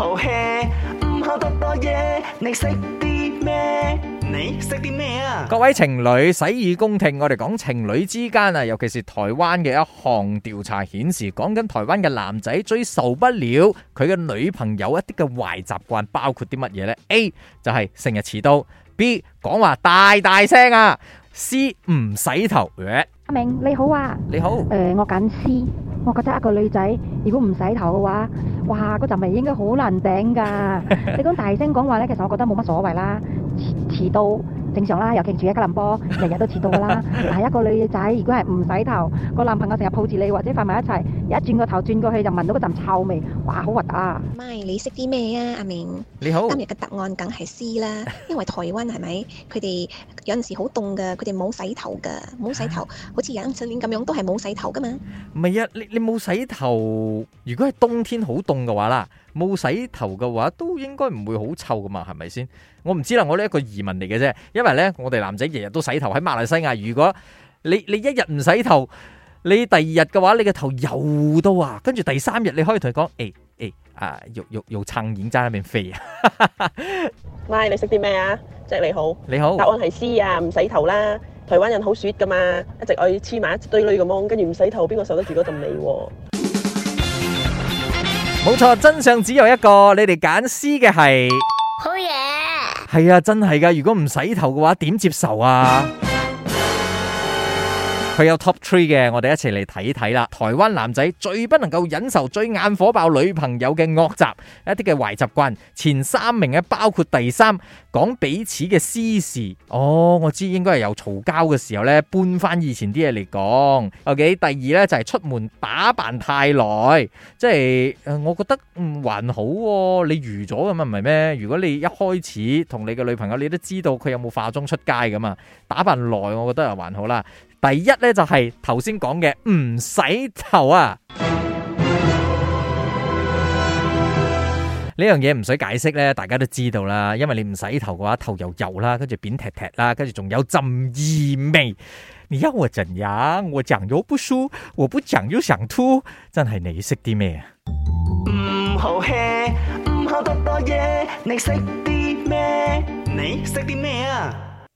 好 h 唔好多多嘢，你識啲咩？你識啲咩啊？各位情侶，洗耳恭聽，我哋講情侶之間啊，尤其是台灣嘅一項調查顯示，講緊台灣嘅男仔最受不了佢嘅女朋友一啲嘅壞習慣，包括啲乜嘢呢？A 就係成日遲到，B 講話大大聲啊，C 唔洗頭。阿明你好啊，你好，誒、uh, 我揀 C，我覺得一個女仔如果唔洗頭嘅話。哇，嗰陣味應該好難頂㗎！你咁大聲講話咧，其實我覺得冇乜所謂啦。遲遲到正常啦，尤其住喺吉林波，日日都遲到㗎啦。但係一個女仔，如果係唔洗頭，個男朋友成日抱住你或者瞓埋一齊，一轉個頭轉過去就聞到嗰陣臭味，哇，好核突啊！唔你識啲咩啊，阿明？你好，今日嘅答案梗係 C 啦，因為台灣係咪佢哋？有陣時好凍噶佢哋冇洗頭噶冇洗頭，好似人唔洗臉咁樣，都係冇洗頭噶嘛。唔係啊，你你冇洗頭，如果係冬天好凍嘅話啦，冇洗頭嘅話，都應該唔會好臭噶嘛，係咪先？我唔知啦，我呢一個移民嚟嘅啫。因為咧，我哋男仔日日都洗頭，喺馬來西亞，如果你你一日唔洗頭，你第二日嘅話，你個頭油到啊，跟住第三日你可以同佢講，誒、欸、誒、欸、啊，肉肉有蒼蠅在喺面飛啊。唔 你識啲咩啊？即你好，你好。答案係 C 啊，唔洗頭啦。台灣人好雪 h 噶嘛，一直愛黐埋一堆女咁樣，跟住唔洗頭，邊個受得住嗰陣味？冇錯，真相只有一個，你哋揀 C 嘅係好嘢。係、oh、yeah. 啊，真係噶、啊，如果唔洗頭嘅話，點接受啊？佢有 top three 嘅，我哋一齊嚟睇睇啦。台灣男仔最不能夠忍受、最眼火爆女朋友嘅惡習，一啲嘅壞習慣。前三名嘅包括第三，講彼此嘅私事。哦，我知應該係由嘈交嘅時候呢，搬翻以前啲嘢嚟講。Okay，第二呢，就係出門打扮太耐，即係我覺得還好啊。你預咗咁嘛，唔係咩？如果你一開始同你嘅女朋友，你都知道佢有冇化妝出街咁嘛。打扮耐，我覺得又還好啦。第一咧就係頭先講嘅唔洗頭啊，呢樣嘢唔使解釋咧，大家都知道啦，因為你唔洗頭嘅話，頭又油啦，跟住扁踢踢啦，跟住仲有浸異味。你休我陣呀，我醬油不輸，我不醬油想吐，真係你識啲咩？唔好吃，唔好多多嘢，你識啲咩？你識啲咩啊？